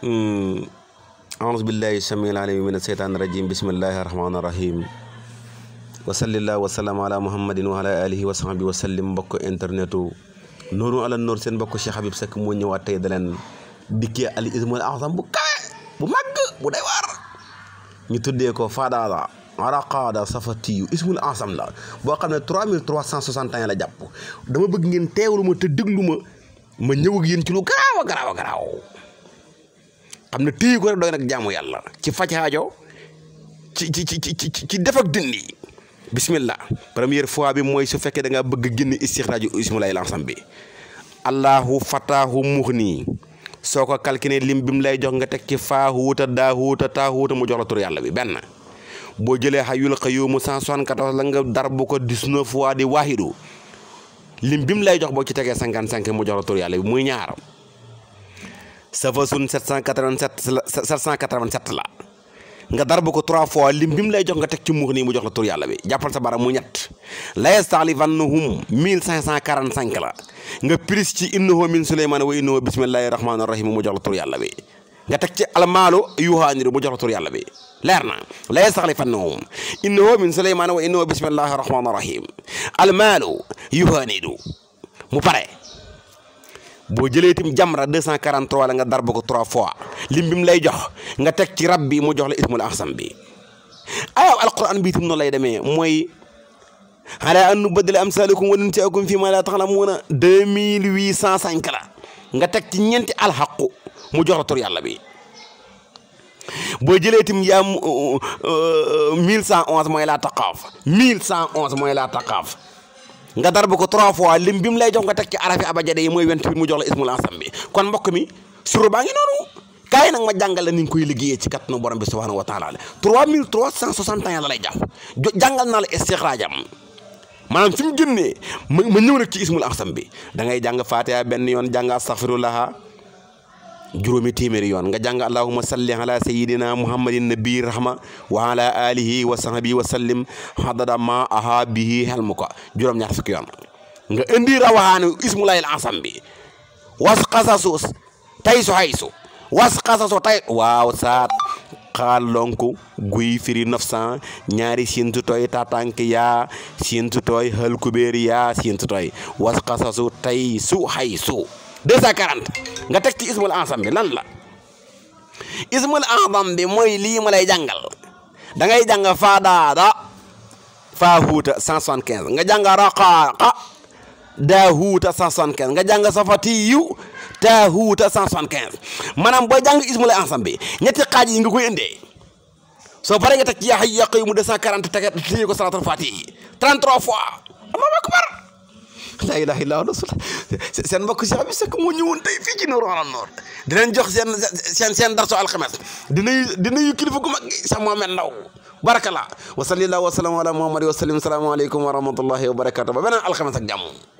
أعوذ بالله السميع العليم من الشيطان الرجيم بسم الله الرحمن الرحيم وصلى الله وسلم على محمد وعلى آله وصحبه وسلم بكو انترنت نور على النور سين بكو شيخ حبيب سك مو نيوا تاي دالن ديكي الاسم الاعظم بو كاي بو ماغ بو داي وار ني تودي كو فادا لا عرقاد صفتي اسم الاعظم لا بو خامي 3361 لا جاب دا ما بغ نين تيولوما تدغلوما ما نيوك يين سي لو غراو غراو غراو amna tey ko rek do nak jamu yalla ci faj aajo ci ci ci ci ci def ak dindi bismillah premier fois bi moy su fekke da nga bëgg genn istixraaju ismulay lansam bi allahu fatahu muhni soko kalkine lim bim lay jox nga tek ci ta faahuuta daahuuta taahuuta mu jox la tur yalla bi ben bo jele hayyul qayyum 174 la nga darbu ko 19 fois di wahidu lim bim lay jox bo ci tege 55 mu jox la tur yalla bi muy ñaar sa fasun 787 787 la nga darbu ko trois fois lim bi mu lay jox nga teg ci muux nii mu jox la tur yàlla bi jàppal sa bara mu ñett la yastaalifannahum 1545 la nga pris ci innahu min suleymaan wa innahu bismillahi rahmaani rahim mu jox la tur yàlla bi nga teg ci almaalu yuhaaniru mu jox la tur yàlla bi leer na la yastaalifannahum innahu min suleymaan wa innahu bismillahi rahmaani rahim almaalu yuhaaniru mu pare boo jëlee itam jamra 243 la nga darba ko trois fois lim bi mu lay jox nga teg ci rab bi mu jox la ismul ahsam bi aywa alquran bi itam noonu lay demee mooy nu ala an nubaddila amsalakum wa nunsiakum fi ma la taxlamuuna 2805 la nga teg ci ñeenti alxaqu mu jox la tur yàlla bi boo jëlee itam yaa 1111 euh, euh, mooy laa taqaaf 1111 mooy laa taqaaf nga darbu ko trois fois lim bi lay jox nga teg ci arafi abajade mooy went bi mu jox la ismul ansam bi kon mbokk mi suru baa ngi noonu kaay nag ma jàngal la koy liggéeyee ci kattanu borom bi subhanahu wa taala la lay jàpp jàngal naa la istixraajam maanaam su mu génnee ma ñëw nag ci ismul ansam bi da ngay jàng fatiha benn yoon jàng astaghfirullah juróomi téeméeri yoon nga jàng allahuma salli ala sayidina muhammadin nabi rahma wa ala alihi wa sahbi hadada ma aha bihi helmu juróom-ñaar fukki yoon nga indi rawaxaanu ñaari siintu tooy tatank yaa siintu tooy halkubeer yaa siintu tooy was xasasu tay haysu nga tek ci ismul ansam bi lan la ismul ansam bi moy li ma lay jangal da ngay jàng fa huta 175 nga jàng da huta 175 nga yu ta huta 175 manam booy jang ismul ansam bi ñetti xaj yi nga koy indee so bari nga tek ci yaa hayyu yaa qayyuum 240 tege téye ko salaatul fatih 33 fois allahu akbar la ilaha illallah seen mbokk Cheikh bi Seck moo ñëwoon tey fii ci Nour wala Nour di jox seen seen seen darso alxames di nuyu di nuyu kilifa gu mag Cheikh Mohamed Ndaw barakala wa sallallahu a sallam ala Muhammad wa sallim salaamaaleykum wa rahmatullahi wa barakatu ba beneen alxames ak jàmm